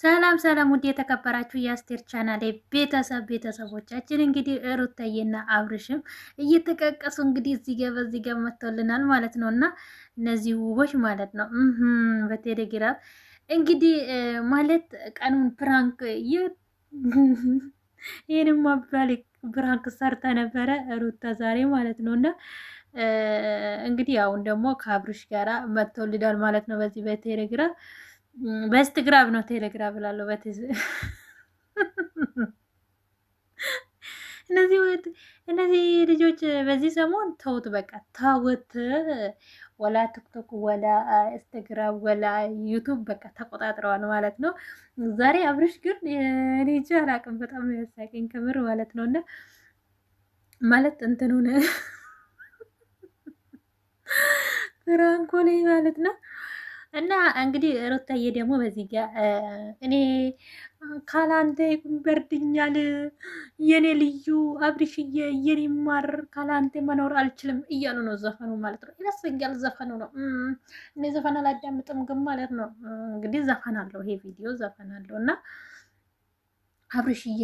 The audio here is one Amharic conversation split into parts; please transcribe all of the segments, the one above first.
ሰላም ሰላም፣ ውድ የተከበራችሁ የአስቴር ቻናል ቤተሰብ ቤተሰቦቻችን እንግዲህ ሩታዬና አብርሽም እየተቀቀሱ እንግዲህ እዚህ ገበ እዚህ ገብ መጥቶልናል ማለት ነው እና እነዚህ ውቦች ማለት ነው በቴሌግራም እንግዲህ ማለት ቀኑን ፕራንክ ይህንም አባል ፕራንክ ሰርተ ነበረ ሩታ ዛሬ ማለት ነው እና እንግዲህ አሁን ደግሞ ከአብርሽ ጋራ መጥቶልናል ማለት ነው በዚህ በቴሌግራም በስትግራብ ነው ቴሌግራም ብላለሁ። በቴዝ እነዚህ እነዚህ ልጆች በዚህ ሰሞን ተውት፣ በቃ ተውት። ወላ ቲክቶክ ወላ ኢንስታግራም ወላ ዩቱብ በቃ ተቆጣጥረዋል ማለት ነው። ዛሬ አብርሽ ግን ልጅ እንጂ አላቅም፣ በጣም ያሳቀኝ ክብር ማለት ነው። እና ማለት እንትኑ ፍራንኮሌ ማለት ነው እና እንግዲህ ሩታዬ ደግሞ በዚህ ጋ እኔ ካላንተ በርድኛል የኔ ልዩ አብሪሽዬ የኔ ማር ካላንተ መኖር አልችልም እያሉ ነው ዘፈኑ ማለት ነው። ያስፈጋል ዘፈኑ ነው። እኔ ዘፈን አላዳምጥም ግን ማለት ነው እንግዲህ ዘፈን አለው ይሄ ቪዲዮ ዘፈን አለው እና አብሪሽዬ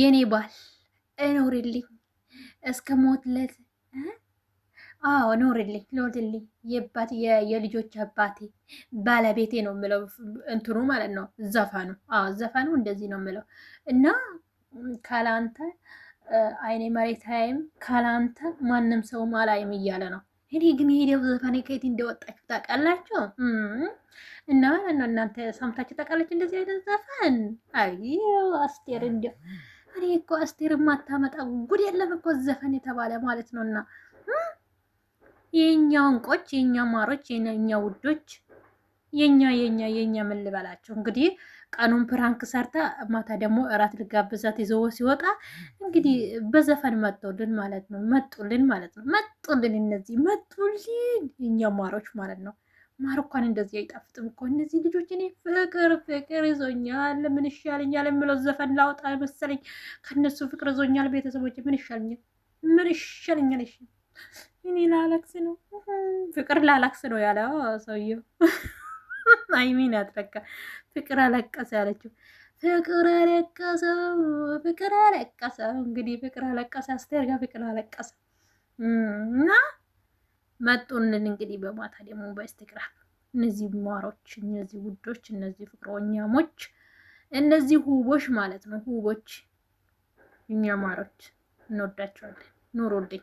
የኔ ባል እኖርልኝ እስከ ለት አዎ ኖርልኝ ኖርልኝ የባት የልጆች አባቴ ባለቤቴ ነው የምለው እንትኑ ማለት ነው። ዘፋኑ አዎ ዘፋኑ እንደዚህ ነው የምለው እና ካላንተ አይኔ መሬት አያይም፣ ካላንተ ማንም ሰውም አላይም እያለ ነው። እኔ ግን የሄደው ዘፈን ከየት እንደወጣችሁ ታውቃላችሁ? እና ማለት ነው እናንተ ሰምታችሁ ታውቃላችሁ? እንደዚህ አይነት ዘፈን አየው አስቴር እንዲ እኔ እኮ አስቴር ማታመጣ ጉድ የለም እኮ ዘፈን የተባለ ማለት ነው እና የእኛ እንቆች፣ የእኛ ማሮች፣ የእኛ ውዶች፣ የኛ የኛ የኛ ምን ልበላቸው እንግዲህ ቀኑን ፕራንክ ሰርታ ማታ ደግሞ እራት ልጋብዛት ይዞ ሲወጣ እንግዲህ በዘፈን መጡልን ማለት ነው። መጡልን ማለት ነው። መጡልን እነዚህ መጡልን የኛ ማሮች ማለት ነው። ማር እንኳን እንደዚህ አይጣፍጥም እኮ እነዚህ ልጆች። እኔ ፍቅር ፍቅር ይዞኛል፣ ምን ይሻለኛል የምለው ዘፈን ላውጣ መሰለኝ። ከነሱ ፍቅር ይዞኛል። ቤተሰቦች ምን ይሻለኛል? ምን ይሻለኛል? እኔ ላላክስ ነው ፍቅር ላላክስ ነው ያለ ሰውየው። አይሚን ያትረካ ፍቅር አለቀሰ ያለችው ፍቅር አለቀሰው ፍቅር አለቀሰ እንግዲህ ፍቅር አለቀሰ አስቴር ጋር ፍቅር አለቀሰ እና መጡንን እንግዲህ በማታ ደግሞ በኢንስታግራም እነዚህ ማሮች፣ እነዚህ ውዶች፣ እነዚህ ፍቅረኛሞች፣ እነዚህ ሁቦች ማለት ነው። ውቦች እኛ ማሮች እንወዳቸዋለን። ኑሮልኝ